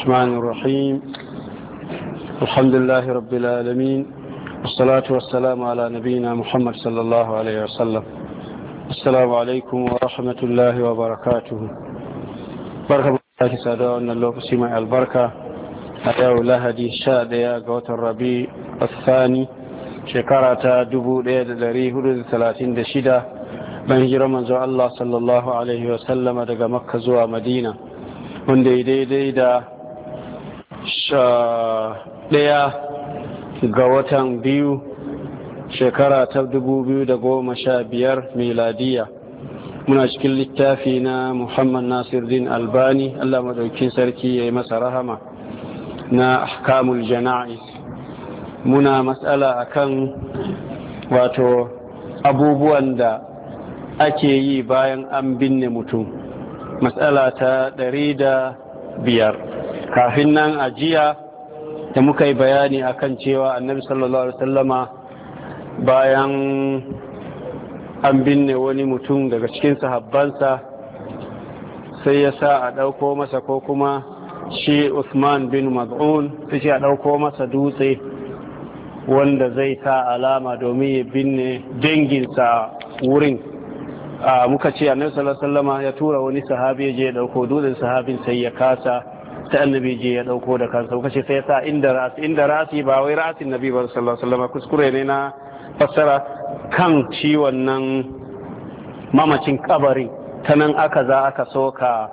الرحمن الرحيم الحمد لله رب العالمين والصلاة والسلام على نبينا محمد صلى الله عليه وسلم السلام عليكم ورحمة الله وبركاته بركة الله سادة أن الله سمع البركة أيو دي شاد يا قوت الربي الثاني شكرة دبو ليد دريه ثلاثين دشدة من هجر من منزو الله صلى الله عليه وسلم دقى مكة زوى مدينة wanda ya daidai da ɗaya ga watan biyu shekara ta dubu biyu da goma sha biyar miladiya muna cikin littafi na muhammad nasir din albani allah madaukin sarki ya yi masa rahama na ahkamul jana'is muna matsala akan wato abubuwan da ake yi bayan an binne mutum matsala ta ɗari da biyar kafin nan a jiya da muka yi bayani akan cewa annabi sallallahu alaihi wasallama bayan an binne wani mutum daga cikin sahabbansa sai ya sa a ɗauko masa ko kuma shi Usman bin Maz'un sai a ɗauko masa dutse wanda zai sa alama domin ya binne danginsa wurin muka ce annabi sallallahu alaihi wasallama ya tura wani sahabi ya je ɗauko dutsen sahabin sai ya kasa Ta annabi je ya dauko da kansa ko ce sai ya sa inda rasi inda rasi ba wai rasin nabi ba sallallahu alaihi wasallam kuskure ne na fassara kan ci wannan mamacin kabari ta nan aka za aka soka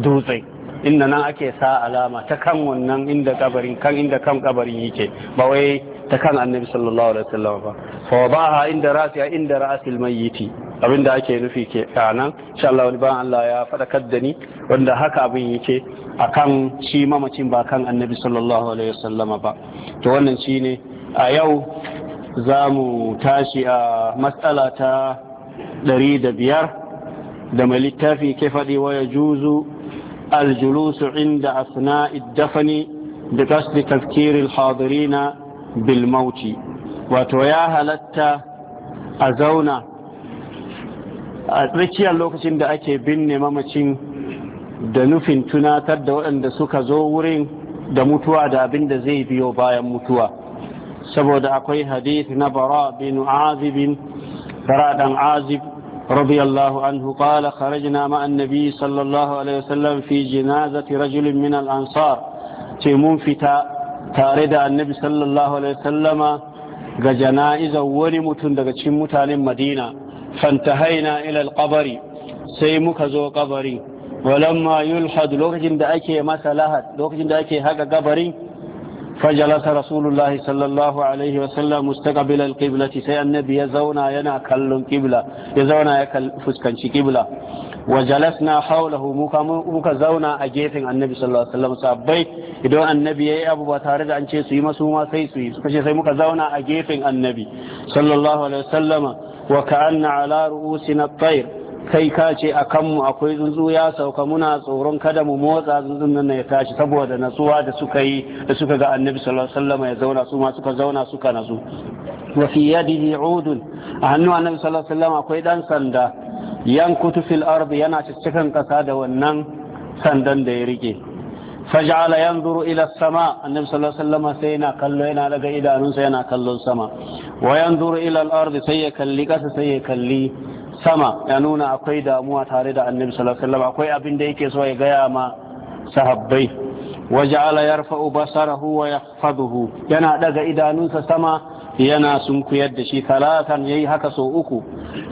dutse inda nan ake sa alama ta kan wannan inda kabarin kan inda kan kabarin yake ba wai ta kan annabi sallallahu alaihi wasallam ba fa baha inda rasi inda rasil mayyiti abinda ake nufi ke kanan insha Allah wani ban Allah ya faɗakar da ni wanda haka abin yake akan shi mamacin ba kan annabi sallallahu alaihi wasallama ba to wannan shine a yau za mu tashi a matsala ta ɗari da biyar da mai littafi ke faɗi wa ya juzu aljulusu inda asna iddafani da kasdi tafkirin hadirina bilmauti wato ya halatta a zauna a tsakiyar lokacin da ake binne mamacin da nufin tunatar da waɗanda suka zo wurin da mutuwa da abin da zai biyo bayan mutuwa saboda akwai hadith na bara bin azibin bara dan azib radiyallahu anhu qala na ma'a annabi sallallahu alaihi wasallam fi janazati rajulin min al-ansar ce mun fita tare da annabi sallallahu alaihi wasallama ga janazar wani mutum daga cikin mutanen madina fantahaina ila alqabari sai muka zo kabari walamma yulhad lokacin da ake masa lahad lokacin da ake haka kabarin fajalasa rasulullahi sallallahu alaihi wa wasallam mustaqbil alqiblati sai annabi ya zauna yana kallon kibla ya zauna ya fuskanci kibla wa jalasna hawlahu muka muka zauna a gefen annabi sallallahu alaihi wasallam sabbai idan annabi yayi abu ba tare da an ce su yi masu ma sai su yi suka ce sai muka zauna a gefen annabi sallallahu alaihi wasallama wa ka'anna ala ru'usina at-tayr kai ka ce a kanmu akwai tsuntsu ya sauka muna tsoron kada mu motsa tsuntsun nan ya tashi saboda natsuwa da suka yi da suka ga annabi sallallahu alaihi wasallam ya zauna su ma suka zauna suka nasu wa fi yadihi udun a hannu annabi sallallahu alaihi wasallam akwai dan sanda yankutu fil ardi yana cikin kasa da wannan sandan da ya rike faj'ala yanzuru ila sama annabi sallallahu alaihi sai yana kallo yana daga idanunsa yana kallon sama wa yanzuru ila al-ardi sai ya kalli kasa sai ya kalli sama ya nuna akwai damuwa tare da annabi sallallahu alaihi akwai abin da yake so ya gaya ma sahabbai waja'ala yarfa'u basarahu wa yahfaduhu yana daga idanunsa sama yana sunkuyar da shi talatan yayi haka sau uku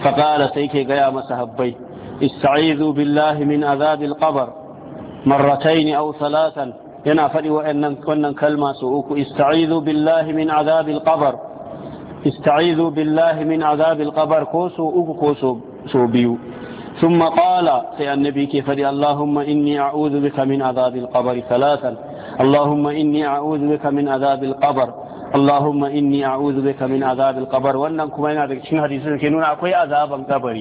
faqala sai ke gaya ma sahabbai ista'izu billahi min azabil qabr marrataini aw salatan yana faɗi wa'annan wannan kalma su uku ista'izu billahi min azabil qabr ista'izu billahi min azabil qabr ko su biyu ثم قال سي النبي كيف دي اللهم إني أعوذ بك من عذاب القبر ثلاثا اللهم إني أعوذ بك من عذاب القبر اللهم إني أعوذ بك من عذاب القبر وأنكم كما ينا دك شنو حديث أكوي عذاب القبر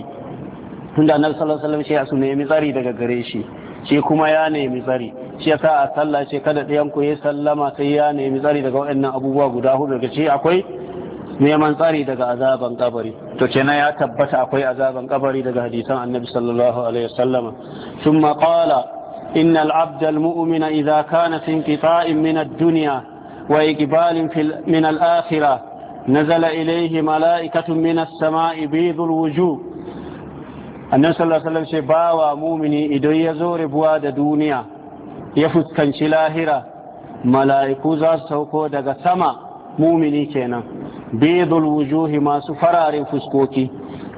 tunda annabi sallallahu alaihi wasallam ya sune mi tsari daga gare shi shi kuma ya nemi tsari shi yasa a sallah ce kada ɗayan ku ya sallama sai ya nemi tsari daga waɗannan abubuwa guda hudu daga ce akwai neman tsari daga azaban kabari to kenan ya tabbata akwai azaban kabari daga hadisan annabi sallallahu alaihi wasallam thumma qala inna al-abda al-mu'mina idha kana fi inqita'in min ad-dunya wa iqbalin min al-akhirah nazala ilayhi mala'ikatun min as-sama'i bidul wujuh annan sallallahu alaihi bawa mumini idan ya zo rabuwa da duniya ya fuskanci lahira mala'iku za su sauko daga sama mumini kenan bidul wujuhi masu fararin fuskoki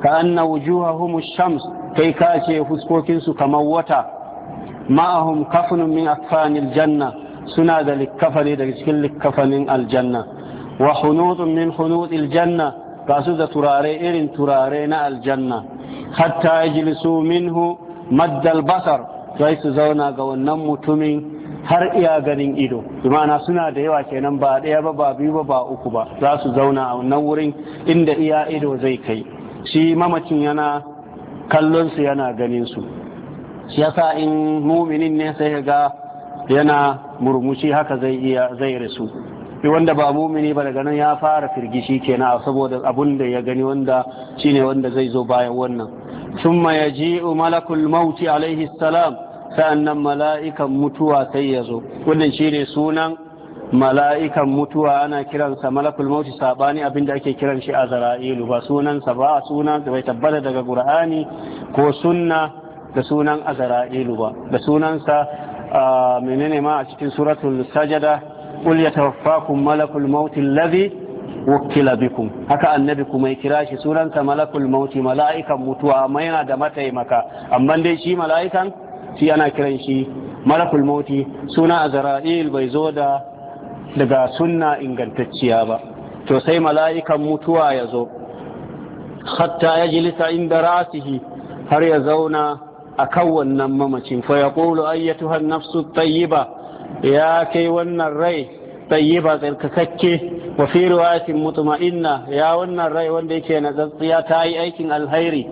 ka anna wujuhahum shams kai ka ce fuskokinsu kamar wata ma'ahum kafunun min akfanil janna suna da likkafani daga cikin likkafanin aljanna wa hunutun min hunutil janna ga su da turare irin turare na aljanna hatta yajlisu minhu maddal basar sai su zauna ga wannan mutumin har iya ganin ido imana suna da yawa kenan ba ɗaya ba ba biyu ba ba uku ba za su zauna a wannan wurin inda iya ido zai kai shi mamacin yana kallon su yana ganin su shi yasa in muminin ne sai ga yana murmushi haka zai iya zai rasu wanda ba mumini ba daga nan ya fara firgishi kenan saboda abun da ya gani wanda shine wanda zai zo bayan wannan summa yaji malakul mauti alaihi salam sa'annan mala'ikan mutuwa sai ya zo wannan shine sunan mala'ikan mutuwa ana kiransa malakul mauti sabani abinda ake kiran shi a zara'ilu ba sunansa ba sunan bai tabbata daga qur'ani ko sunna da sunan azra'ilu ba da sunansa menene ma a cikin suratul sajada qul yatawaffakum malakul maut alladhi wukkila bikum haka annabi kuma ya kira shi sunansa malakul mauti mala'ikan mutuwa amma yana da mataimaka amma dai shi mala'ikan shi ana kiran shi malakul mauti suna azra'il bai zo da daga sunna ingantacciya ba to sai mala'ikan mutuwa ya zo hatta ya jilisa inda rasihi har ya zauna a kan wannan mamacin fa ya ƙulu ayyatuhan nafsu tayyiba ya kai wannan rai tayyiba tsarkakakke wa fi riwayatin mutma'inna ya wannan rai wanda yake nazatsiya ta yi aikin alhairi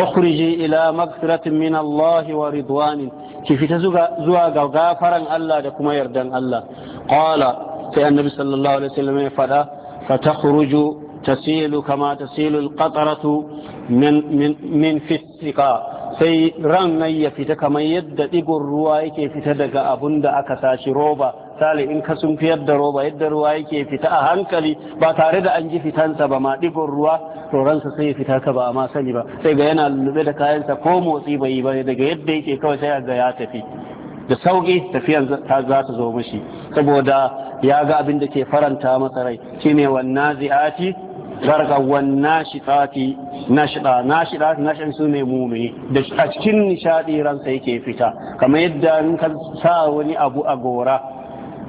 ukhriji ila magfiratin min Allah wa ridwanin ki fita zuwa ga gafaran Allah da kuma yardan Allah qala sai annabi sallallahu alaihi wasallam ya fada fa tasilu kama tasilu alqataratu min fisika sai ran nan ya fita kamar yadda ɗigon ruwa yake fita daga abun da aka sashi roba sale in ka sun fiyar da roba yadda ruwa yake fita a hankali ba tare da an ji fitansa ba ma ɗigon ruwa to ransa sai ya fita ka ba a ma sani ba sai ga yana lullube da kayansa ko motsi bai yi ba daga yadda yake kawai sai ga ya tafi da sauƙi tafiyan za ta zo mashi saboda ya ga abin da ke faranta masa rai shine wannan zi'ati zarga wannan shitati nashida nashin su ne da a cikin nishadi ransa yake fita kamar yadda in ka sa wani abu a gora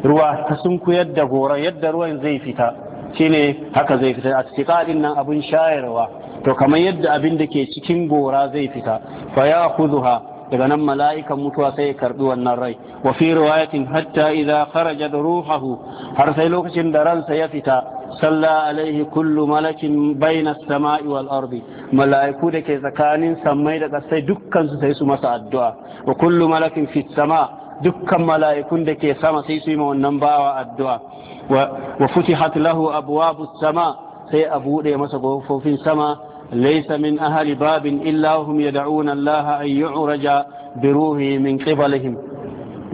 ruwa ka sunkuyar da gora yadda ruwan zai fita shine haka zai fita a cikin nan abin shayarwa to kamar yadda abin da ke cikin gora zai fita fa ya kuzuha daga nan mala'ikan mutuwa sai karbi wannan rai wa fi riwayatin hatta idza kharaja ruhahu har sai lokacin da ransa ya fita صلى عليه كل ملك بين السماء والأرض ملائكو دكي زكانين سمي دك سي دكان سي سما الدعاء وكل ملك في السماء دكان ملائكو دكي سما سي سما ونبا الدعاء وفتحت له أبواب السماء سي أبو دي مسقوف في السماء ليس من أهل باب إلا هم يدعون الله أن يعرج بروحه من قبلهم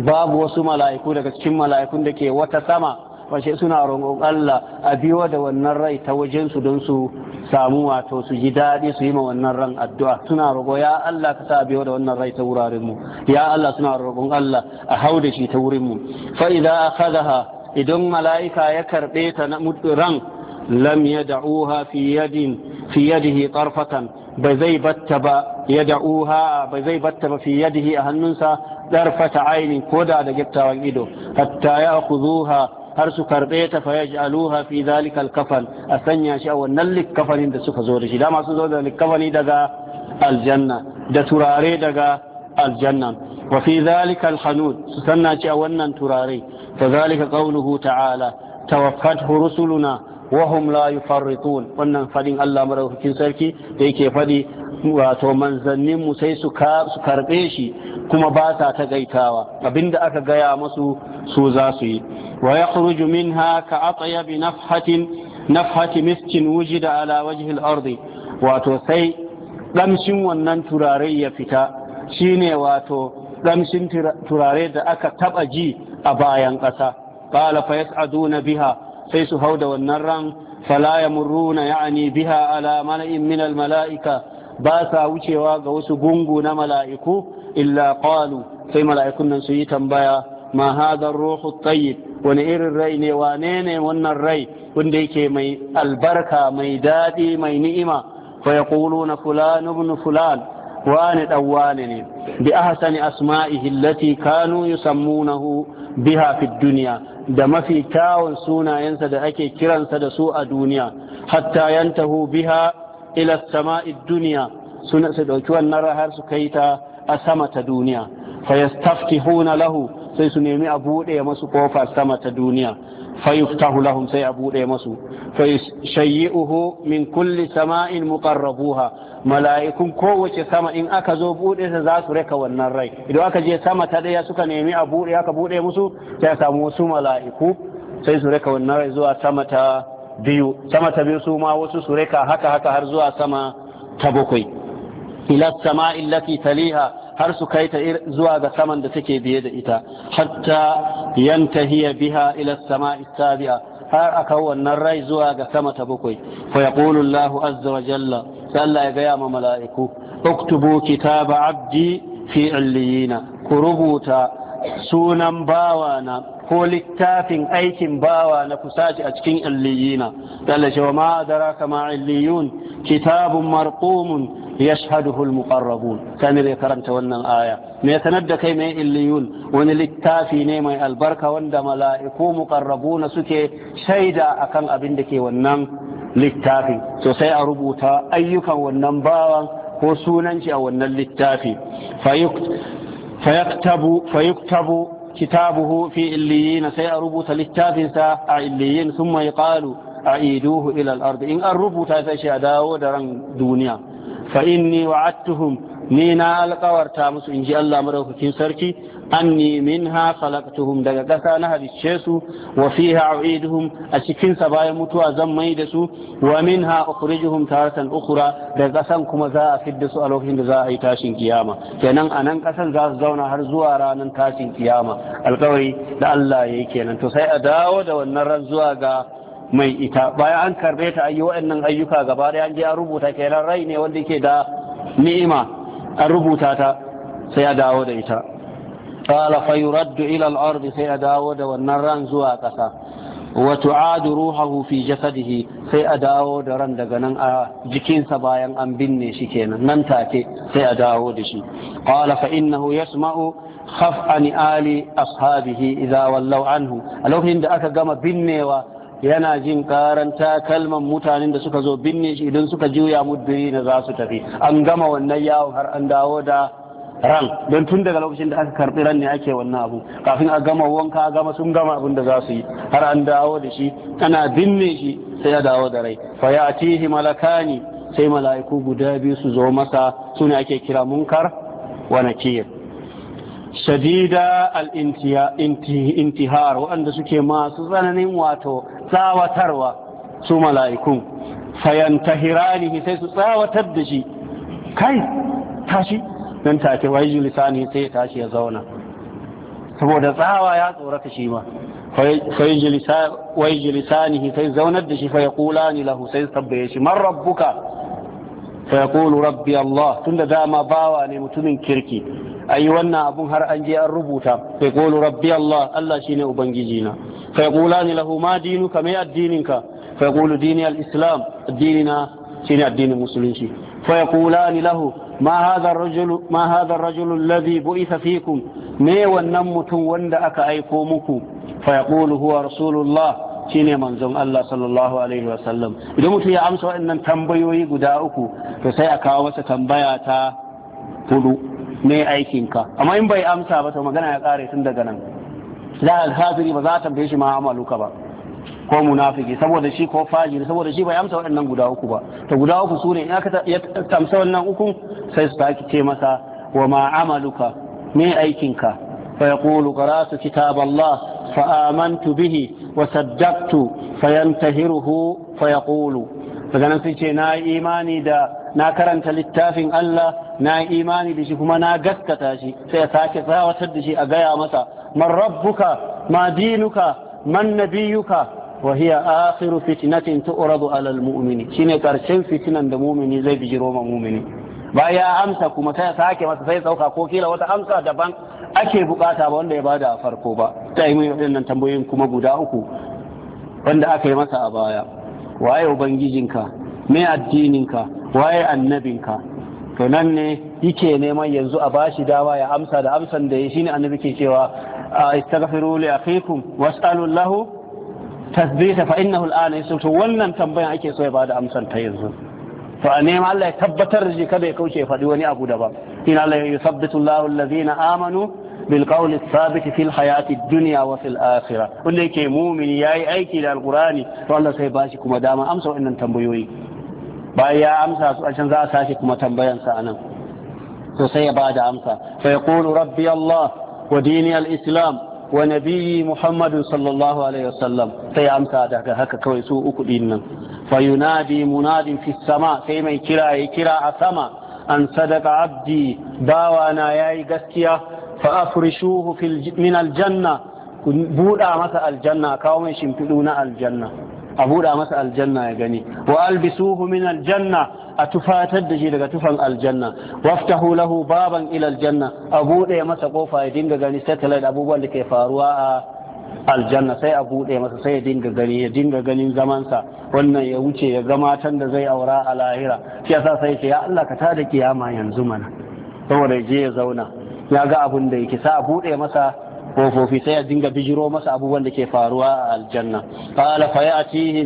باب وسو ملائكو دك سكين ملائكو دكي وتسمى fashe suna roƙon Allah a biyo da wannan rai ta wajen su don su samu wato su ji daɗi su yi ma wannan ran addu'a suna roƙo ya Allah ka sa a biyo da wannan rai ta wuraren mu ya Allah suna roƙon Allah a hau shi ta wurin mu fa idza akhadaha idan mala'ika ya karbe ta na ran lam yad'uha fi yadin fi yadihi tarfatan ba zai batta ba ya da'uha ba zai batta ba fi yadihi a hannunsa darfata aini ko da da giftawan ido hatta ya khuzuha har su karbe ta fa yaj'aluha fi zalika al-kafan a sanya shi a wannan likkafanin da suka zo da shi dama sun zo da likkafani daga aljanna da turare daga aljanna wa fi zalika al-hanud su sanna shi a wannan turare fa zalika qawluhu ta'ala tawaffathu rusuluna وهم la يفرطون wannan fadin Allah madaukakin sarki da yake fadi wato mu sai su karbe shi kuma ba sa ta gaitawa abinda aka gaya masu su za su yi wa ya minha ka atsayabi nafhatin nafhati miskin wujida ala wajhil ardi wato sai damshin wannan turare ya fita shine wato damshin turare da aka taɓa ji a bayan ƙasa qala fa yas'aduna biha sai su hau da wannan ran fala yamurruna yani biha ala mala'in min al mala'ika ba sa wucewa ga wasu gungu na mala'iku illa qalu sai mala'ikun nan su yi tambaya ma hadha ruhu tayyib wani irin rai ne wane ne wannan rai wanda yake mai albarka mai daɗi mai ni'ima fa na fulan ibn fulan wani dan ne bi ahsani asma'ihi allati kanu yusammunahu biha fi dunya da mafi kyawun sunayensa da ake kiransa da su a duniya hatta yantahu biha ila sama'i duniya suna su wannan wannan rahar su kai ta a sama ta duniya fa na lahu sai su nemi a buɗe masu kofa sama ta duniya fayuftahu lahum sai a buɗe masu fa shayyi'uhu min kulli sama'in muqarrabuha mala'ikun kowace sama in aka zo buɗe ta za su reka wannan rai idan aka je sama ta ɗaya suka nemi a buɗe aka buɗe musu sai a samu wasu mala'iku sai su reka wannan rai zuwa sama ta biyu sama ta biyu su ma wasu su rika haka haka har zuwa sama ta bakwai ila sama illati taliha har su kai ta zuwa ga saman da take biye da ita hatta yantahiya biha ila sama sabi'a har aka wannan rai zuwa ga sama ta bakwai fa yaqulu Allahu azza wa jalla sai ya gaya ma mala'iku uktubu kitaba abdi fi illiyina ku rubuta sunan bawana ko littafin aikin bawa na kusaci a cikin illiyina dalla cewa ma adraka ma illiyun kitabun marqumun yashhaduhu almuqarrabun kamar ya karanta wannan aya me sanar da kai mai illiyun wani littafi ne mai albarka wanda mala'iku muqarrabuna suke shaida akan abin da ke wannan littafin sosai a rubuta ayyukan wannan bawan ko sunan shi a wannan littafi fayuktabu fayuktabu كتابه في إليين سيأربط للتافنسا إليين ثم يقال أعيدوه إلى الأرض إن أربط تشهداو درن دنيا فإني وعدتهم ni na alkawarta musu in ji Allah madaukakin sarki anni ha khalaqtuhum daga ƙasa na halicce su wa fi ha a cikin sa bayan mutuwa zan mai da su wa minha ukhrijuhum taratan ukhra daga ƙasan kuma za a fidda su a lokacin da za a yi tashin kiyama kenan a nan ƙasan za su zauna har zuwa ranar tashin kiyama alkawari da Allah ya yi kenan to sai a dawo da wannan ran zuwa ga mai ita bayan an karɓe ta yi waɗannan ayyuka gaba da an je an rubuta kenan rai ne wanda yake da ni'ima an rubuta ta sai a dawo da ita qala fa yuraddu ila al-ardi sai a dawo da wannan ran zuwa ƙasa wa tu'adu ruhuhu fi jasadihi sai a dawo da ran daga nan a jikinsa bayan an binne shi kenan nan take sai a dawo da shi qala fa innahu yasma'u khaf'ani ali ashabihi idza wallaw anhu a lokacin da aka gama binnewa yana jin karan takalman mutanen da suka zo binne shi idan suka juya mudbiri na za su tafi an gama wannan yawon har an dawo da ran don tun daga lokacin da aka karbi ran ne ake wannan abu kafin a gama wanka a gama sun gama abin da za su yi har an dawo da shi ana binne shi sai ya dawo da rai fa ya atihi malakani sai mala'iku guda biyu su zo masa su ne ake kira munkar wa nakir shadida al-intihar waɗanda suke masu tsananin wato tsawatarwa su mala'ikun fayantahiranihi sai su tsawatar da shi kai tashi nan take wai lisani sai ya tashi ya zauna saboda tsawa ya tsorata shi ma wai lisanihi sai zaunar da shi fa ya kula yaqulani lahu sai tabbaye shi man rabbuka fa ya yaqulu rabbi Allah tunda dama bawa ne mutumin kirki ayi wannan abun har an je an rubuta fa yaqulu rabbi Allah Allah shine ubangiji na fa yaqulani lahu ma dinuka me addininka fa yaqulu dini al-islam addinina shine addinin musulunci fa yaqulani lahu ma hadha ar-rajul ma hadha ar-rajul alladhi bu'itha fikum me wannan mutum wanda aka aiko muku fa yaqulu huwa rasulullah shine manzon Allah sallallahu alaihi wasallam idan mutum ya amsa waɗannan tambayoyi guda uku to sai a kawo masa tambaya ta hudu me aikinka amma in bai amsa ba to magana ya kare tun daga nan za a kafiri ba za a tambaye shi ma amaluka ba ko munafiki saboda shi ko fajiri saboda shi bai amsa waɗannan guda uku ba to guda uku su ne in aka amsa wannan uku sai su sake ce masa wa ma amaluka me aikinka fa yaqulu qara'tu kitab Allah fa amantu bihi wa saddaqtu fayantahiruhu fa yaqulu daga nan sun ce na imani da na karanta littafin Allah na imani da shi kuma na gaskata shi sai ya sake tsawatar da shi a gaya masa man rabbuka ma dinuka man nabiyuka wa hiya akhiru fitnatin tu'radu ala almu'mini shine karshen fitinan da mu'mini zai bijiro ma mu'mini ya amsa kuma sai sake masa sai sauka ko kila wata amsa daban ake bukata ba wanda ya bada a farko ba ta yi waɗannan tambayoyin kuma guda uku wanda aka yi masa a baya waye ubangijinka me addininka waye annabinka to nan ne yake neman yanzu a bashi dama ya amsa da amsan da ya shine annabi ke cewa astaghfiru li akhikum was'alu lahu tasbita fa innahu al'ana yusuf to wannan tambayan ake so ya bada amsan ta yanzu to a nema Allah ya tabbatar da shi kada ya kauce faɗi wani abu daban in Allah ya yusabbitu Allahu amanu bil qawli thabit fil hayati dunya wa fil akhirah wanda yake mu'min yayi aiki da alqurani to Allah sai bashi kuma dama amsa wannan tambayoyi bayan ya amsa su can za a sake kuma tambayansa a nan to sai ya ba da amsa fa yaqulu rabbi Allah wa dini al-islam wa nabiyyi Muhammad sallallahu alaihi wasallam sai ya amsa daga haka kawai su uku din nan fa yunadi munadin fi sama sai mai kira ya kira a sama an sadaka abdi bawana yayi gaskiya fa afrishuhu fil min aljanna buɗa masa aljanna kawo mai shimfiɗu na aljanna a buɗa masa aljanna ya gani wa albisuhu min aljanna a tufatar da shi daga tufan aljanna waftahu lahu baban ila aljanna a buɗe masa ƙofa ya dinga gani satellite abubuwan da ke faruwa a aljanna sai a buɗe masa sai ya dinga gani ya dinga ganin zamansa wannan ya wuce ya ga matan da zai aura a lahira shi yasa sai ce ya Allah ka tada kiyama yanzu mana saboda je ya zauna ya ga abun da yake sa a buɗe masa kofofi sai a dinga bijiro masa abubuwan da ke faruwa a aljanna qala fa ya'tihi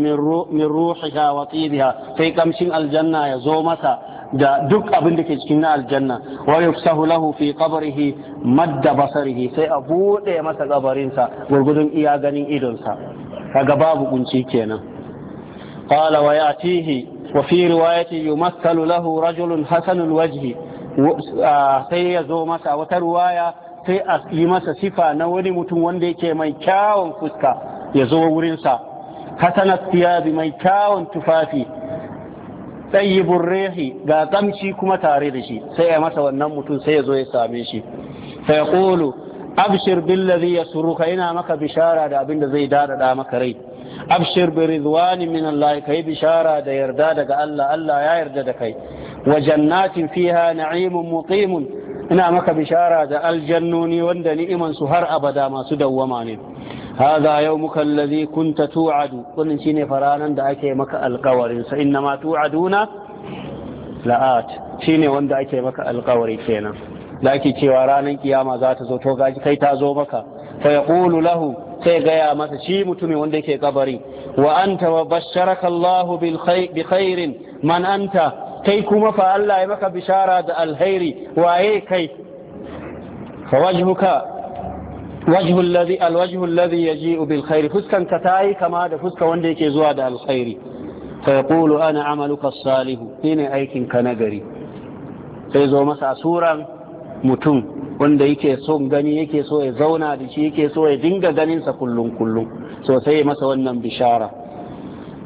min ruhiha wa tibiha sai kamshin aljanna ya zo masa da duk abin da ke cikin na aljanna wa yufsahu lahu fi qabrihi madda basarihi sai a bude masa kabarinsa gurgudun iya ganin idonsa kaga babu kunci kenan qala wa ya'tihi wa fi riwayati yumassalu lahu rajulun hasanul wajhi sai ya zo masa wata riwaya sai a yi masa sifa na wani mutum wanda yake mai kyawun fuska ya zo wurinsa hasanat siyabi mai kyawun tufafi tsayibin rehi ga gamci kuma tare da shi sai ya masa wannan mutum sai ya zo ya same shi sai kolo abshir billazi ya suruka yana maka bishara da abin da zai dadada maka rai abshir bi ridwani min Allah kai bishara da yarda daga Allah Allah ya yarda da kai wa jannatin fiha na'imun muqimun ina maka bishara da aljannoni wanda ni'imansu su har abada masu dawwama ne hadha yawmuka alladhi kunta tu'adu wannan shine faranan da ake maka alkawarin sa inna ma tu'aduna la'at shine wanda ake maka alkawari kenan da ake cewa ranar kiyama za zo to kai ta zo maka fa yaqulu lahu sai gaya masa shi mutumin wanda ke kabari wa anta wa basharaka Allahu kai kuma fa Allah ya maka bishara da alheri waye kai fa wajhuka wajhu alladhi alwajhu alladhi yaji'u bil khair fuskan ka tayi kama da fuska wanda yake zuwa da alkhairi fa yaqulu ana amaluka salihu ne aikin ka nagari sai zo masa suran mutum wanda yake son gani yake so ya zauna da shi yake so ya dinga ganin sa kullum kullum so sai masa wannan bishara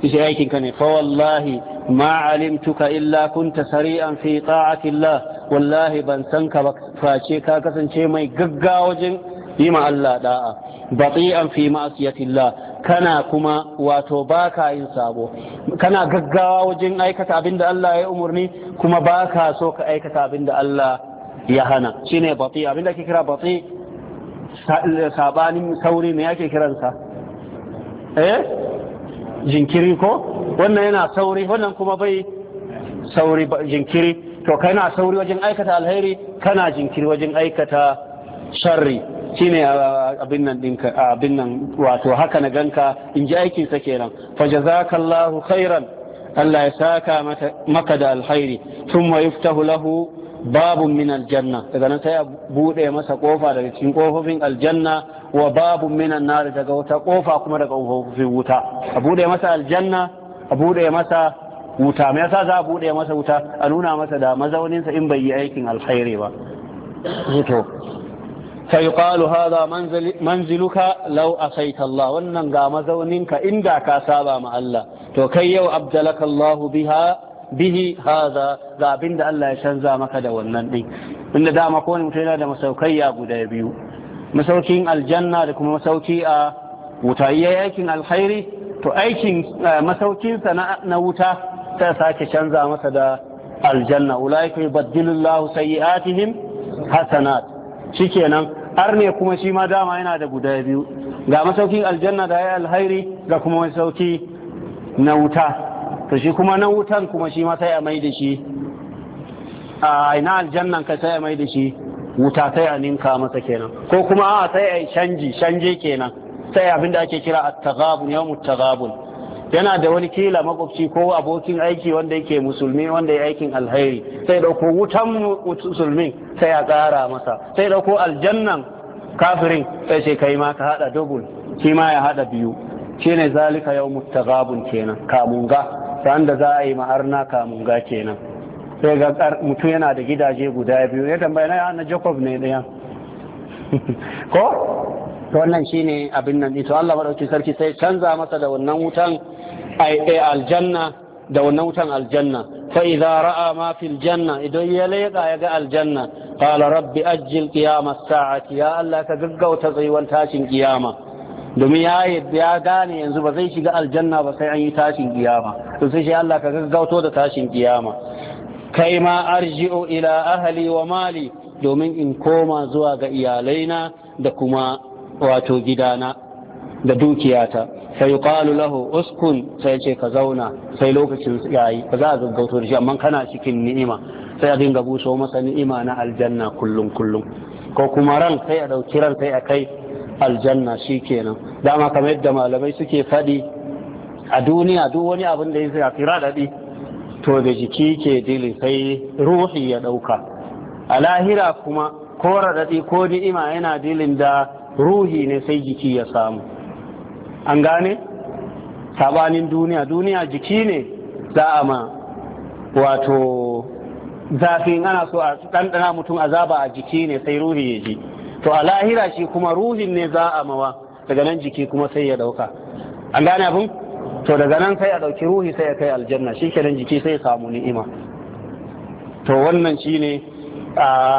shi aikin ka ne fa wallahi ما علمتك إلا كنت سريعا في طاعة الله والله بنسنك فاشيكا كسن شي مي ققا وجن بما الله داء بطيئا في معصية الله كنا كما واتوباكا إنسابو كنا ققا وجن أي كتاب عند الله يأمرني كما باكا سوك أي كتاب عند الله يهنا شيني بطيئا من لكي كرا بطيء ساباني ثوري مياكي كرنسا إيه jinkiri ko wannan yana sauri wannan kuma bai sauri jinkiri to kana sauri wajen aikata alheri kana jinkiri wajen aikata sharri shine abin nan dinka abin nan wato haka na ganka in ji aikin sa kenan fa jazakallahu khairan Allah ya saka maka da alkhairi thumma yuftahu lahu babun min aljanna daga nan sai a bude masa kofa daga cikin kofofin aljanna wa babun min annar daga wata kofa kuma daga kofofin wuta a bude masa aljanna a bude masa wuta me yasa za a bude masa wuta a nuna masa da mazauninsa in bai yi aikin alkhairi ba Zuto sai qalu hadha manziluka law asaita Allah wannan ga mazaunin ka inda ka saba ma Allah to kai yau abdalaka Allah biha bihi hadha ga abinda Allah ya canza maka da wannan din inda dama kowane mutum yana da masaukaiya guda biyu masaukin aljanna da kuma masauki a wuta yayin alkhairi to aikin eh, masaukinsa na wuta ta sake canza masa da aljanna ulaika yubaddilu Allahu sayyi'atihim hasanat shikenan arne kuma shi ma dama yana da guda biyu ga masaukin aljanna da ya alhairi ga kuma masauki na wuta to shi kuma na wutan kuma shi ma sai a mai da shi a ina aljannan ka sai a mai da shi wuta sai a ninka masa kenan ko kuma a sai a canji canje kenan sai abin da ake kira at-taghabun yawmut taghabun yana da wani kila makwabci ko abokin aiki wanda yake musulmi wanda ya aikin alheri sai dauko wutan musulmi sai ya kara masa sai dauko aljannan kafirin sai ce kai ma ka hada double shi ma ya hada biyu shine zalika yawmut taghabun kenan kamunga sa'an da za a yi ma'arna kamunga kenan sai ga mutum yana da gidaje guda biyu ya tambaya na Jacob ne ɗaya ko to wannan shine abin nan to Allah madauki sarki sai canza masa da wannan wutan ai eh, aljanna da wannan wutan aljanna fa idza ra'a ma fil janna idan ya leka ya ga aljanna qala rabbi ajjil qiyama sa'ati ya Allah ka gaggauta tashin kiyama domin ya ya gane yanzu ba zai shiga aljanna ba sai an yi tashin kiyama to sai shi Allah ka gaggauto da tashin kiyama kai ma arji'u ila ahli wa mali domin in koma zuwa ga iyalaina da kuma wato gidana da dukiyata sai qalu laho uskun sai ce ka zauna sai lokacin yayi ba za a gaggauto da shi amma kana cikin ni'ima sai a dinga buso masa ni'ima na aljanna kullum kullum ko kuma ran sai a dauki ran sai a kai aljanna shi kenan. dama kamar yadda malamai suke faɗi a duniya duk wani abin da ya fira daɗi, to da jiki ke dili sai ruhi ya ɗauka a lahira kuma ko raɗaɗi ko ni'ima yana dilin da ruhi ne sai jiki ya samu an gane sabanin duniya duniya jiki ne za a ma wato zafin ana so a ɗanɗana mutum azaba a jiki ne sai ruhi ya ji to a lahira shi kuma ruhin ne za a mawa daga nan jiki kuma sai ya ɗauka an gane abin to daga nan sai a ɗauki ruhi sai ya kai aljanna shi kenan jiki sai ya samu ni'ima to wannan shi ne.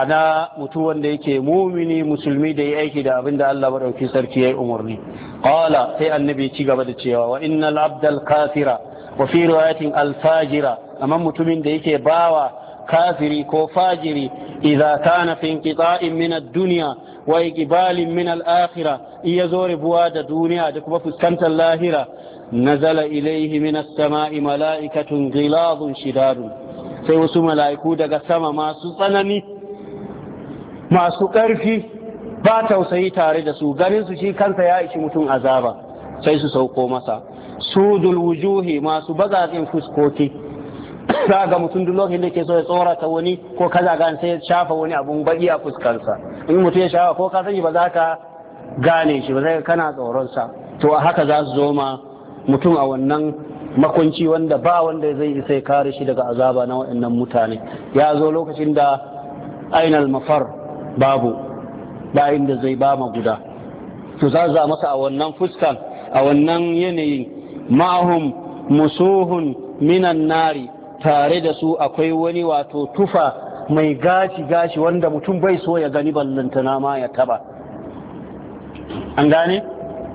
na mutum wanda yake mumini musulmi da ya aiki da abin da Allah maɗauki sarki ya yi umarni qala sai annabi ci gaba da cewa wa innal abdal kafira wa fi riwayatin al amma mutumin da yake bawa kafiri ko fajiri idza kana fi inqita'in min ad-dunya wa iqbalin min al-akhirah iya zo rabuwa da duniya da kuma fuskantar lahira nazala ilaihi min as-sama'i mala'ikatun ghiladun shidadun sai wasu mala'iku daga sama masu tsanani masu ƙarfi ba tausayi tare da su ganin su shi kansa ya ishi mutum azaba sai su sauko masa Su dulwujuhi masu bazazin fuskoki za ga mutum duk lokacin da ke so ya tsorata wani ko kaza gan sai ya shafa wani abun baki a fuskarsa in mutum ya shafa ko ka sani ba za ka gane shi ba zai kana tsoronsa to a haka za su zo ma mutum a wannan makwanci wanda ba wanda zai isa ya kare shi daga azaba na waɗannan mutane ya zo lokacin da ainal mafar babu bayan da zai ba guda to za za masa a wannan fuskan a wannan yanayin ma'ahum musuhun minan nari tare da su akwai wani wato tufa mai gashi gashi wanda mutum bai so ya gani ballantana ma ya taba an gane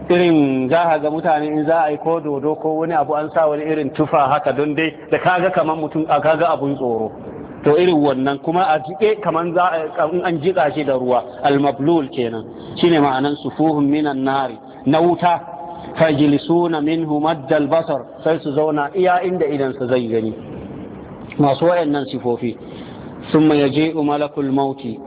irin za a ga mutane in za a yi ko dodo ko wani abu an sa wani irin tufa haka don dai da kaga kamar mutum a kaga abun tsoro to irin wannan kuma a jiƙe kamar za a an jiƙa shi da ruwa almablul kenan shine ma'anan sufuhun minan nari na wuta fajlisuna minhu maddal basar sai su zauna iya inda idan su zai gani masu wayannan sifofi ثم يجيء ملك mauti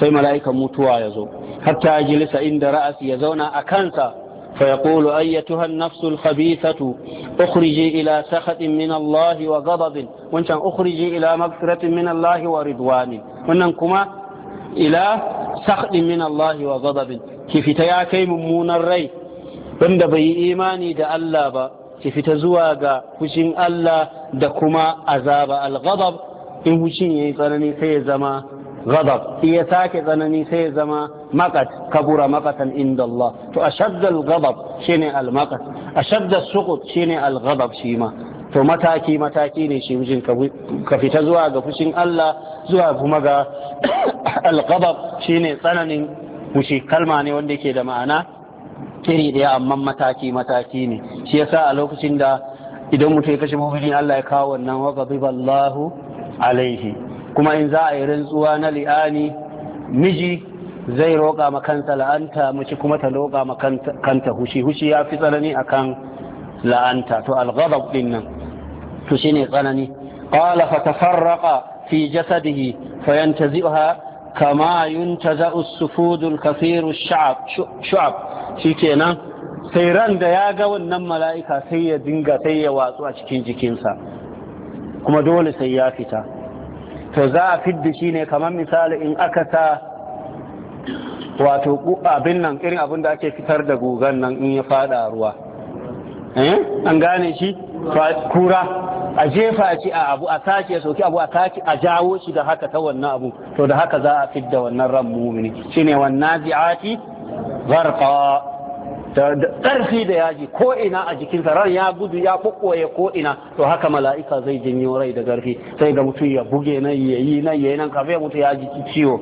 sai mala'ikan mutuwa ya zo hatta gilisa jilisa inda ra'asi ya zauna a kansa فيقول أيتها النفس الخبيثة أخرجي إلى سخط من الله وغضب وإنشان أخرجي إلى مغفرة من الله ورضوان وإنكما إلى سخط من الله وغضب كيف تياكي ممون الري wanda bai yi imani da Allah ba ki fita zuwa ga fushin Allah da kuma azaba al-ghadab in fushin yayi tsanani sai ya zama ghadab ya sake tsanani sai ya zama inda مقت كبر مقتا gabab shine al الغضب شيني المقت أشد السقط شيني الغضب شيما to mataki mataki ne shi mijin ka fita zuwa ga fushin Allah zuwa kuma ga al alghadab shine tsananin fushi kalma ne wanda yake da ma'ana iri daya amma mataki mataki ne shi yasa a lokacin da idan mutum ya kashe mu'minin Allah ya kawo wannan wa ghadiballahu alaihi kuma in za a yi rantsuwa na li'ani miji zai roƙa makansa la'anta mace kuma ta roƙa makanta hushi hushi ya fi tsanani akan la'anta to al-ghadab din nan to shine tsanani qala fa tafarraqa fi jasadihi fayantazi'uha kama yuntaza as-sufud al-kathir ash-sha'ab shu'ab shikenan sai ran da ya ga wannan mala'ika sai ya dinga sai ya watsu a cikin jikinsa kuma dole sai ya fita to za a fidda shi ne kamar misali in aka sa wato abin nan irin abin da ake fitar da gugan nan in ya fada ruwa eh? an gane shi kura a jefa shi a abu a sake soki abu a sake a jawo shi da haka ta wannan abu to da haka za a fidda wannan ran mumini shine wannan zi'ati zarqa da ƙarfi da yaji ko ina a sa ran ya gudu ya kokoye ko ina to haka mala'ika zai jinyo rai da garfi sai ga mutum ya buge nan ya yi nan ya yi nan kafin ya ji ciwo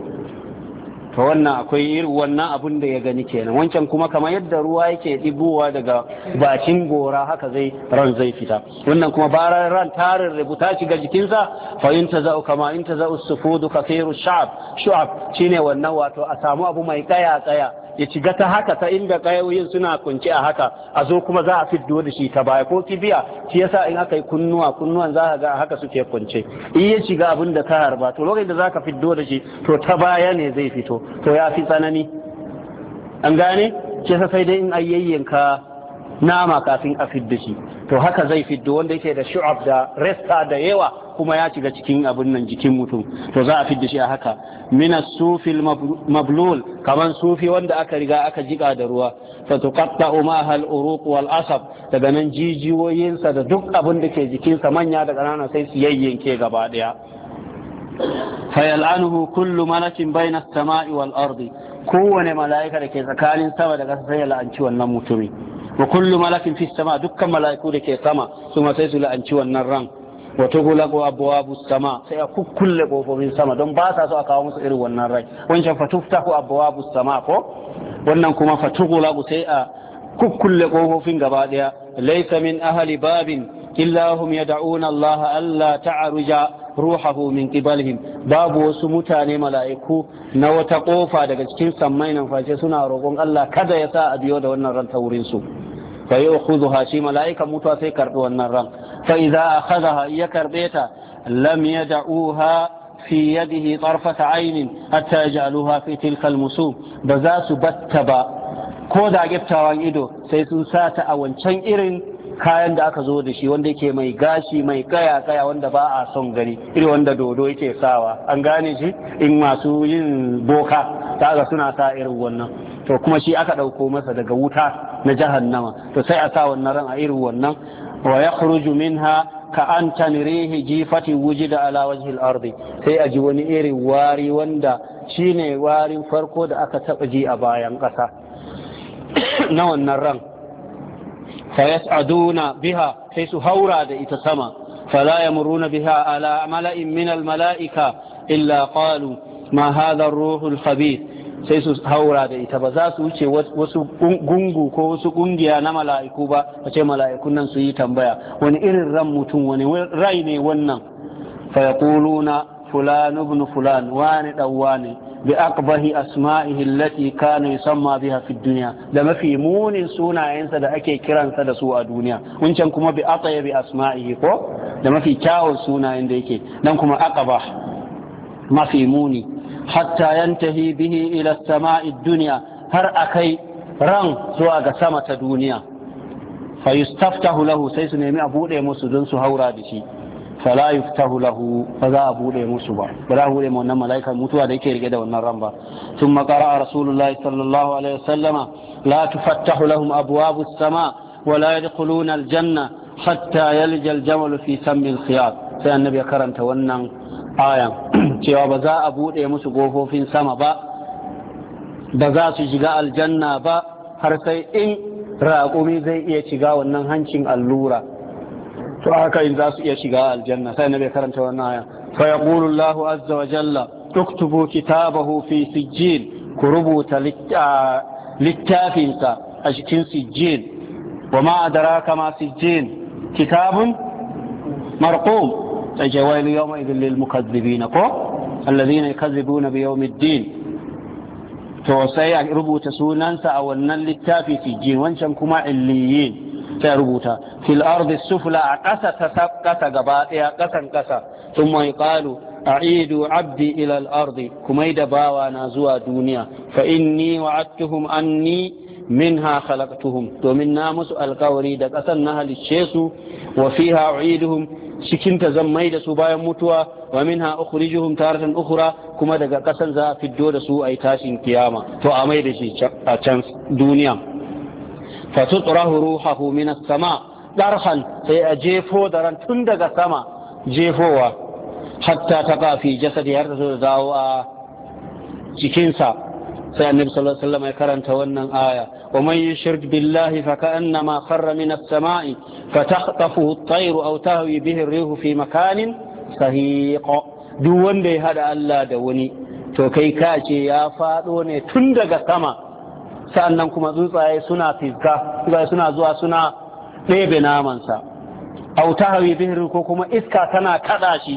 to wannan akwai irin wannan abun da ya gani kenan wancan kuma kamar yadda ruwa yake ɗibowa daga bacin gora haka zai ran zai fita wannan kuma baran ran tarin rubuta shiga jikinsa fa in za'u kama in za'u sufudu kafiru sha'ab sha'ab shine wannan wato a samu abu mai tsaya tsaya. ya shiga ta haka ta inda ƙayoyin suna kunce a haka a zo kuma za a fiddo da shi ta baya ko kibiya shi yasa in aka yi kunnuwa kunnuwan za a ga haka suke kunce in ya shiga abin da ka harba to lokacin da za ka fiddo da shi to ta baya ne zai fito to ya fi tsanani an gane shi yasa sai dai in ayyayyanka nama kafin a fidda shi to haka zai fiddo wanda yake da shu'ab da resta da yawa kuma ya shiga cikin abin nan jikin mutum to za a fidda shi a haka Minas sufil mablul kaman sufi wanda aka riga aka jika da ruwa fa tuqatta ma uruq wal asab daga nan jijiyoyinsa da duk abin da ke jikinsa manya da ƙanana sai su yayyanke gaba daya fayal'anuhu kullu malakin bayna as-sama'i wal ardi kowane mala'ika da ke tsakanin sama da ƙasa sai ya la'anci wannan mutumin wa kullu malakin fi sama dukkan mala'iku da ke sama su ma sai su la'anci wannan ran wa tughlaqu abwabu sama sai a kukkulle kofofin sama don ba sa so a kawo musu irin wannan rai wancan fa tuftahu abwabu sama ko wannan kuma fa tughlaqu sai a kukkulle kofofin gaba daya laysa min ahli babin illa hum yad'una Allah alla ta'ruja ruhahu min qibalihim babu wasu mutane mala'iku na wata kofa daga cikin sammai nan suna roƙon Allah kada ya sa a biyo da wannan ran ta wurin su fa ya'khudha shi malaika mutuwa sai karbi wannan ran fa idza akhadha ya karbe ta lam yad'uha في يده طرفة عين حتى يجعلوها في تلك المصوب بزاس بتبا ko da giftawan ido sai sun sa ta a wancan irin kayan da aka zo da shi wanda yake mai gashi mai kaya kaya wanda ba a son gani irin wanda dodo yake sawa an gane shi in masu yin boka ta suna sa irin wannan to kuma shi aka ɗauko masa daga wuta na jahannama to sai a sa wannan ran a irin wannan wa yakhruju minha ka an tanirihi jifati da ala wajhi ardi sai a ji wani irin wari wanda shine warin farko da aka taba ji a bayan ƙasa na wannan ran fa aduna biha sai su haura da ita sama fala yamuruna biha ala mala'in min al-mala'ika illa qalu ma hadha ar sai su haura da ita ba za su wuce wasu gungu ko wasu kungiya na mala'iku ba a ce mala'ikun nan su yi tambaya wani irin ran mutum wani rai ne wannan fa yaquluna fulan ibn fulan wani dan wani bi aqbahi asma'ihi allati kana yusamma biha fi dunya da mafi munin sunayensa da ake kiransa da su a duniya wancan kuma bi bi asma'ihi ko da mafi kyawun sunayen da yake dan kuma aqaba mafi muni hatta yantahi bihi ila sama'i duniya har akai ran zuwa ga sama ta duniya fa yustaftahu lahu sai su nemi a bude musu don su haura da shi fala yuftahu lahu ba za a bude musu ba ba za a bude ma wannan mala'ikan mutuwa da yake rike da wannan ran ba sun makara rasulullahi sallallahu alaihi wasallama la tufattahu lahum abwabu sama wa la yadkhuluna aljanna hatta yalja aljamal fi sammi alkhiyat sai annabi ya karanta wannan ayan cewa ba za a buɗe musu gofofin sama ba ba za su shiga aljanna ba har sai in raƙumi zai iya shiga wannan hancin allura to haka in za su iya shiga aljanna sai na bai karanta wannan ayan fa yaqulu Allahu azza wa jalla tuktubu kitabahu fi sijjin ku rubuta littafinsa a cikin sijjin wa ma adraka ma sijjin kitabun marqum فجويل يومئذ للمكذبين كو الذين يكذبون بيوم الدين to sai a rubuta sunansa a wannan littafi sijjin wancan kuma illiyin sai rubuta fil ardi sufla a ƙasa ta ƙasa gaba ɗaya ƙasan ƙasa sun mai ƙalu a'idu abdi ila al-ardi kuma da bawa na zuwa duniya fa inni wa'adtuhum anni ha khalaqtuhum domin na musu alkawari da ƙasan na halicce su wa fiha u'iduhum cikinta zan mai da su bayan mutuwa wa minha ukhrijuhum taratan ukhra kuma daga kasan za a fiddo da su a tashin kiyama to a mai da shi a can duniya fa tutrahu ruhahu min as-sama darhan sai a jefo daran tun daga sama jefowa hatta ta fi jasadi har da dawo a cikinsa sai annabi sallallahu alaihi wasallam ya karanta wannan aya wa man yushrik billahi fa ka'annama kharra min as-sama'i fa takhtafuhu at-tayru aw tahwi bihi ar-rihu fi makanin sahiq duk wanda ya hada Allah da wani to kai ka ce ya fado ne tun daga sama sa'annan kuma tsuntsaye suna fiska tsuntsaye suna zuwa suna ɗebe namansa aw tahwi bihi ko kuma iska tana kada shi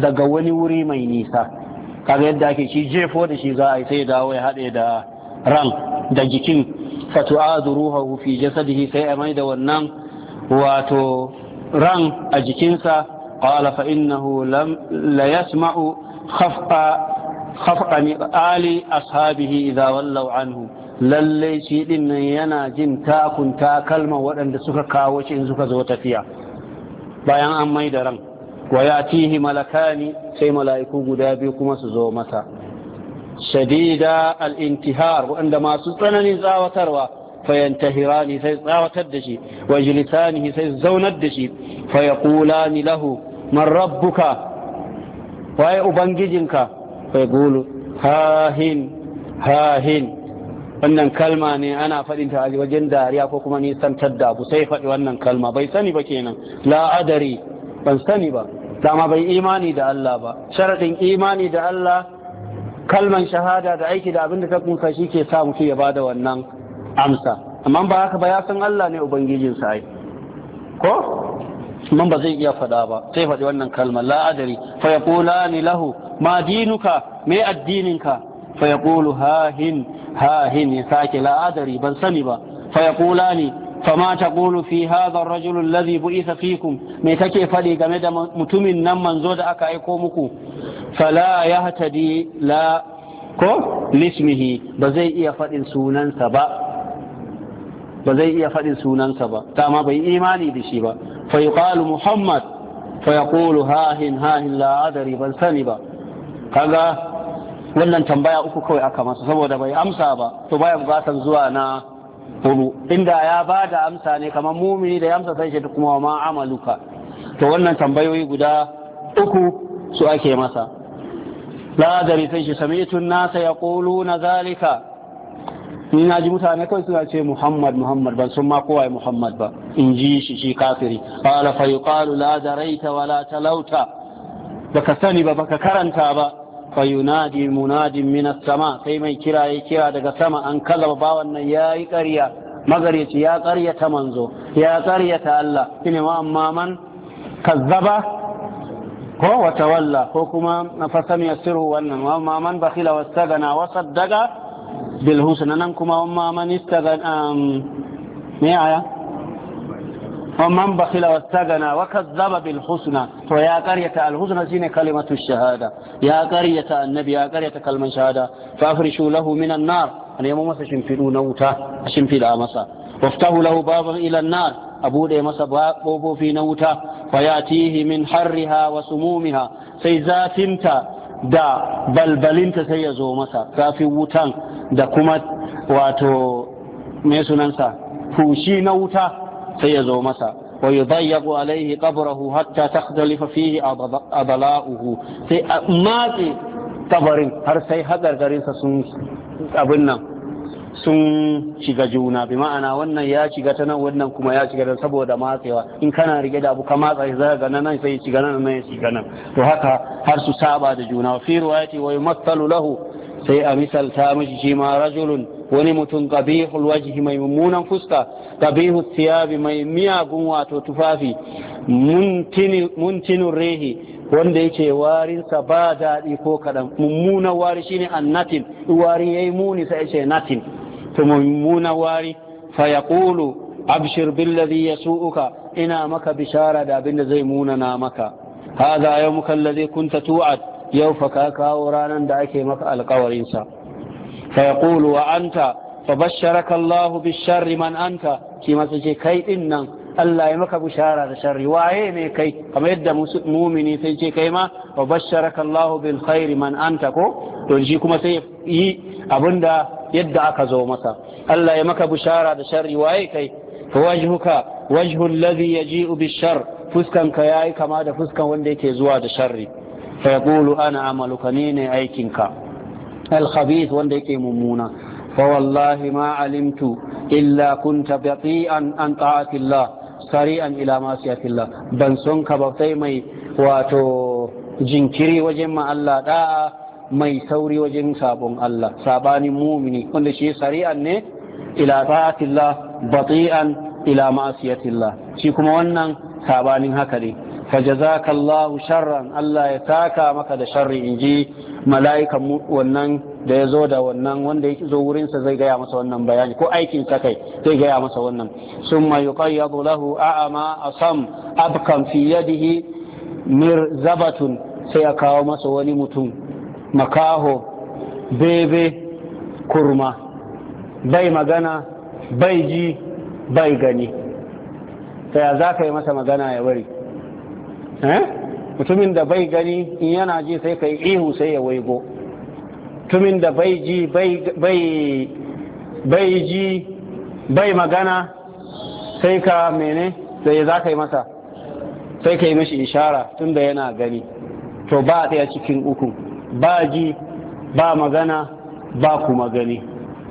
daga wani wuri mai nisa kaga yadda ake shi jefo da shi za a yi sai dawo ya haɗe da ran da jikin fatu fatu'adu ruhahu fi jasadihi sai a mai da wannan wato ran a jikinsa qala fa innahu lam la yasma'u khafqa ni ali ashabihi idza wallaw anhu lalle shi din nan yana jin takun takalman waɗanda suka kawo shi in suka zo tafiya bayan an mai da ran wa yatihi malakani sai mala'iku guda biyu kuma su zo masa shadida al-intihar wanda masu tsananin tsawatarwa fayantahirani sai tsawatar da shi wa jilisanihi sai zaunar da shi fayaqulani lahu man rabbuka waye ubangijinka fayaqulu hahin hahin wannan kalma ne ana faɗin ta wajen dariya ko kuma nisantar da abu sai faɗi wannan kalma bai sani ba kenan la ban sani ba dama bai imani da Allah ba sharadin imani da Allah kalman shahada da aiki da abin da ta kunsa shi ke sa mutu ya bada wannan amsa amma ba haka ba ya san Allah ne Ubangijin ai ko man ba zai iya fada ba sai faɗi wannan kalma. la adari fa yaqulani lahu ma dinuka me addininka fa yaqulu ha hin ha hin sake la adari ban sani ba fa yaqulani fama ta ƙulu fi hadha rajul bu isa fikun me kake faɗi game da mutumin nan manzo da aka aiko muku fala yahtadi la ko lismihi ba zai iya faɗin sunansa ba ba zai iya faɗin sunansa ba dama bai imani da shi ba fa yuqalu muhammad fa yaqulu hahin hahin la ban sani ba kaga wannan tambaya uku kawai aka masa saboda bai amsa ba to baya bukatar zuwa na hudu inda ya ba da amsa ne kamar mumini da ya amsa sai shi kuma ma amaluka to wannan tambayoyi guda uku su ake masa ladari sai shi sami'tu nasa ya kulu na zalika ni na ji mutane kai suna ce muhammad muhammad ban sun ma kowa muhammad ba in ji shi shi kafiri qala fa yuqalu la wala talauta baka sani ba baka karanta ba فينادي مناد من السماء sai mai kira ya kira daga sama an kallama bawan nan ya yi ƙarya magareci ya ƙaryata manzo ya ƙaryata Allah ne wa amma man kazzaba ko walla ko kuma fasam yasiru wannan wa amma man bakhila wastagana wa Saddaga, bil husna nan kuma amma man istagana me aya ومن بخل واستغنى وكذب بالحسنى ويا قرية الحسنى سين كلمة الشهادة يا قرية النبي يا قرية كلمة شهادة فأفرشوا له من النار أن يمو مسا شنفلوا نوتا شنفلا مسا وافتحوا له بابا إلى النار أبو دي مسا بابو في نوتا فيأتيه من حرها وسمومها سيزاتمتا دا بلبلنتا سيزو مسا كافي وتان دا كمت واتو ميسو ننسى fushi na wuta sai ya zo masa wa yudayyabu alaihi qabrahu hatta takhtalifa fihi adla'uhu sai matse kabarin har sai hagargarinsa sun abin nan sun shiga juna bi ma'ana wannan ya shiga ta nan wannan kuma ya shiga ta saboda matsewa in kana rike da abu ka matsa shi zaka nan nan sai shiga nan nan shiga nan to haka har su saba da juna fi riwayati wa yumathalu lahu sai a misalta mishi shi ma rajulun wani mutum qabihul wajhi mai mummunan fuska qabihu thiyabi mai miyagun wato tufafi muntinu rehi wanda yake warinsa ba daɗi ko kaɗan mummunan wari shine annatin wari yayi muni sai yace natin to mummunan wari fa yaqulu abshir billadhi yasu'uka ina maka bishara da abin da zai munana maka hadha yawmuka alladhi kunta tu'ad yau fa ka kawo ranan da ake maka alƙawarin sa فيقول وأنت فبشرك الله بالشر من أنت كما سجي كي إنن Allah ya maka bishara da sharri waye ne kai kamar yadda mumini sai kai ma wa basharaka Allahu bil khairi man ko to shi kuma sai yi abinda yadda aka zo masa Allah ya maka bishara da shari waye kai fa wajhuka wajhu ya ji bil shar fuskanka yayi kama da fuskan wanda yake zuwa da sharri fa yaqulu ana amaluka ne ne aikinka الخبيث وانديك ممونا فوالله ما علمت إلا كنت بطيئا عن طاعة الله سريعا إلى معصية الله بن سنك بطيمي واتو jinkiri wajen ma Allah da'a mai sauri wajen sabon Allah sabanin mumini wanda shi sari'an ne ila ta'atillah bati'an ila ma'asiyatillah shi kuma wannan sabanin haka ne fajazakallahu sharran Allah ya taka maka da sharri inji mala'ikan wannan da ya zo da wannan wanda ya zo wurinsa zai gaya masa wannan bayani ko aikin sa kai zai gaya masa wannan summa yuqayyadu lahu a'ama asam abkan fi yadihi zabatun sai a kawo masa wani mutum makaho bebe kurma bai magana bai ji bai gani sai za ka yi masa magana ya bari eh? mutumin da bai gani in yana ji sai kai ihu sai ya waigo mutumin da bai ji bai ji bai magana sai ka mene sai za ka yi masa sai ka yi mashi ishara tun da yana gani to ba a cikin uku ba ji ba magana ba kuma gani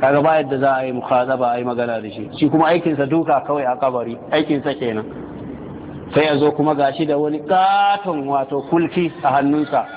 kaga ba yadda za a yi mukhazaba a yi magana da shi shi kuma aikinsa duka kawai a kabari aikinsa kenan sai ya zo kuma gashi da wani katon wato kulki a hannunsa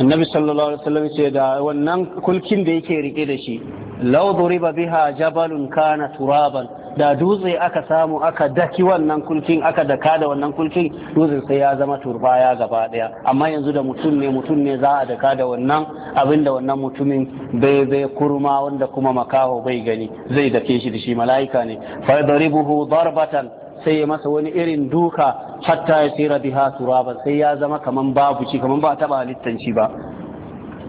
annabi sallallahu alaihi wasallam ce da wannan kulkin da yake rike da shi law duriba biha jabalun kana turaban da dutse aka samu aka daki wannan kulkin aka daka da wannan kulkin dutse sai ya zama turbaya gaba daya amma yanzu da mutum ne mutum ne za a daka da wannan abin da wannan mutumin bai bai kurma wanda kuma makaho bai gani zai dake shi da shi mala'ika ne fa daribuhu darbatan sai ya masa wani irin duka hatta ya tsira biha turaba sai ya zama kaman babu shi kaman ba taba halittan shi ba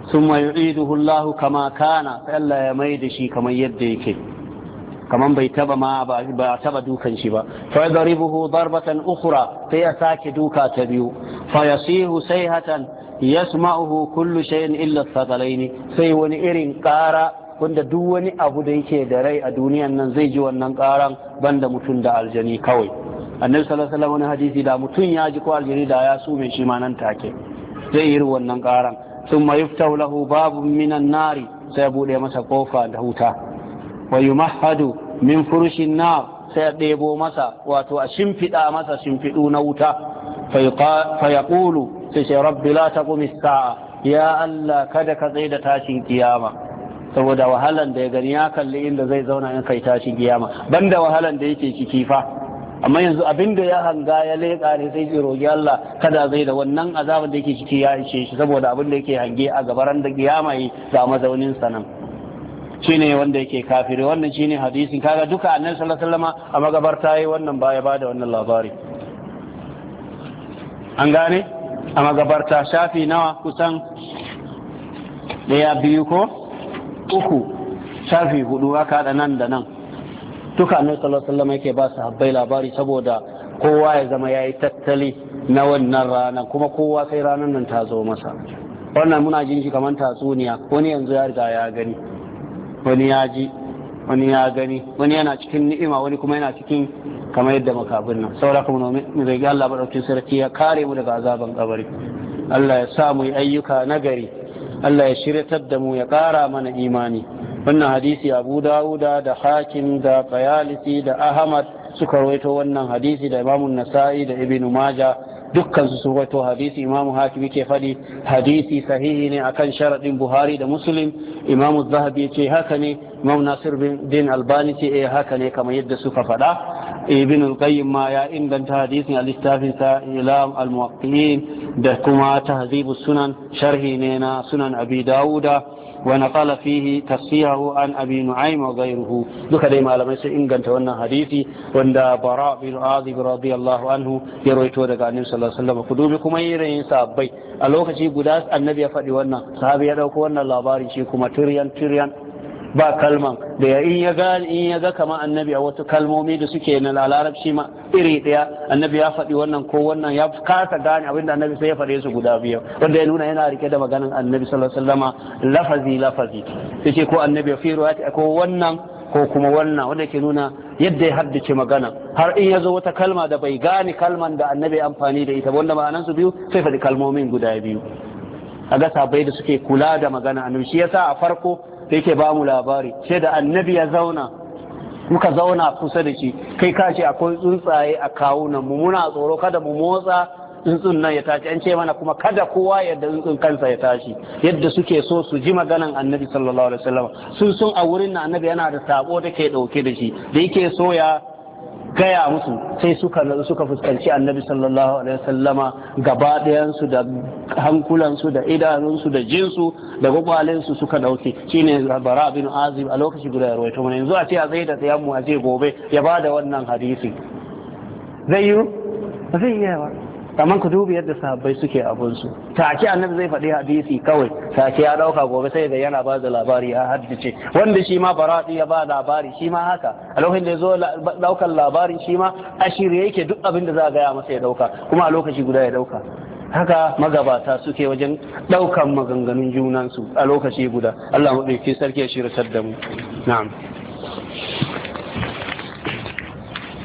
ثم يعيده الله kama kana sai Allah ya mai da shi kamar yadda yake kaman bai taba ma ba taba dukan shi ba fa yadribuhu darbatan ukhra sai ya sake duka ta biyu fa yasihu sayhatan yasma'uhu kullu shay'in illa thaqalaini sai wani irin ƙara wanda duk wani abu da yake da rai a duniyan nan zai ji wannan ƙaran banda mutum da aljani kawai annabi sallallahu alaihi wasallam wani hadisi da mutum ya ji ko aljani da ya sume shi ma nan take zai yi wannan ƙaran ثم babu له nari sai ya buɗe masa kofa da huta wa yumahhadu min furushin na sai a ɗebo masa wato a shimfiɗa masa shimfiɗu na wuta fa yaqulu sai sai rabbi la taqum sa'a ya Allah kada ka tsaye da tashin kiyama saboda wahalan da ya gani ya kalli inda zai zauna in kai tashin kiyama banda wahalan da yake ciki fa amma yanzu abin da ya hanga ya leƙa ne sai ya roƙi Allah kada zai da wannan azabin da yake ciki ya ishe shi saboda abin da yake hange a gabaran da kiyama yi ga mazaunin sanan Shi ne wanda yake kafiri wannan shi ne hadisin kaga duka annan sallallahu a magabarta yayi wannan baya bada wannan labari an gane a magabarta shafi nawa kusan daya biyu ko uku shafi hudu haka da nan da nan duka annan sallallahu yake ba habbai labari saboda kowa ya zama ya yi tattali na wannan ranar, kuma kowa sai ranar nan ta zo masa wannan muna jin shi kamar tatsuniya wani yanzu ya riga ya gani wani ya ji wani ya gani wani yana cikin ni'ima wani kuma yana cikin kamar yadda makabin nan saboda kuma mu zai Allah madaukakin sarki ya kare mu daga azaban kabari Allah ya sa mu yi ayyuka nagari Allah ya shiryatar da mu ya kara mana imani wannan hadisi Abu Dawud da Hakim da Qayalisi da Ahmad suka rawaito wannan hadisi da Imam Nasa'i da Ibn Majah Dukkansu sun wato hadisi imam hakimi ke faɗi hadisi sahihi ne akan sharaɗin buhari da muslim imam zahabi ce haka ne imam nasir bin albani ce eh haka ne kamar yadda suka faɗa ibn al-qayyim ma ya inganta hadisin a littafin sa ilam al-muwaqqin da kuma tahzibu sunan sharhi ne na sunan abi dauda ونقل فيه تصحيحه عن ابي نعيم وغيره دوكا دي مالمي سي انغانتا wannan hadisi wanda bara bin azib radiyallahu anhu ya roito daga annabi sallallahu alaihi wasallam ku dubi kuma yirayin sabbai a lokaci guda annabi ya faɗi wannan sahabi ya dauko wannan labarin shi kuma tiryan tiryan ba kalman da in ya ga in ya ga kamar annabi a wata kalmomi da suke na larabci ma iri ɗaya annabi ya faɗi wannan ko wannan ya kasa gane abin da annabi sai ya faɗe su guda biyu wanda ya nuna yana rike da maganan annabi sallallahu alaihi wasallama lafazi lafazi sai ce ko annabi ya fi ruwaya ko wannan ko kuma wannan wanda ke nuna yadda ya haddace magana har in ya zo wata kalma da bai gane kalman da annabi amfani da ita wanda ma'anan su biyu sai faɗi kalmomin guda biyu a ga sabai da suke kula da magana annabi shi yasa a farko da yake ba mu labari ce da annabi ya zauna muka zauna kusa da shi kai ka ce akwai tsuntsaye a kawunan mu muna tsoro kada mu motsa tsuntsun nan ya tashi an ce mana kuma kada kowa yadda tsuntsun kansa ya tashi yadda suke so su ji maganan annabi sallallahu alaihi wasallam sun sun a wurin na annabi yana da sabo da ke dauke da shi da yake so ya gaya musu sai suka suka fuskanci annabi sallallahu alaihi wasallama gaba ɗayansu da hankulansu da idanunsu da jinsu da gwagwalensu suka ɗauke shine bara bin azib a lokaci guda ya rawaito mana yanzu a ce a zai da tsayan mu a ce gobe ya bada wannan hadisi zai yi zai yi ba kamar ku dubi yadda sahabbai suke abunsu take annabi zai faɗi hadisi kawai take ya ɗauka gobe sai da yana ba da labari a haddace wanda shi ma baradi ya ba labari shi ma haka a lokacin da ya zo ɗaukar labarin shi ma a shirye yake duk abin da za a gaya masa ya ɗauka kuma a lokaci guda ya ɗauka haka magabata suke wajen ɗaukan maganganun junansu a lokaci guda Allah maɗauki sarki ya shirya da mu na'am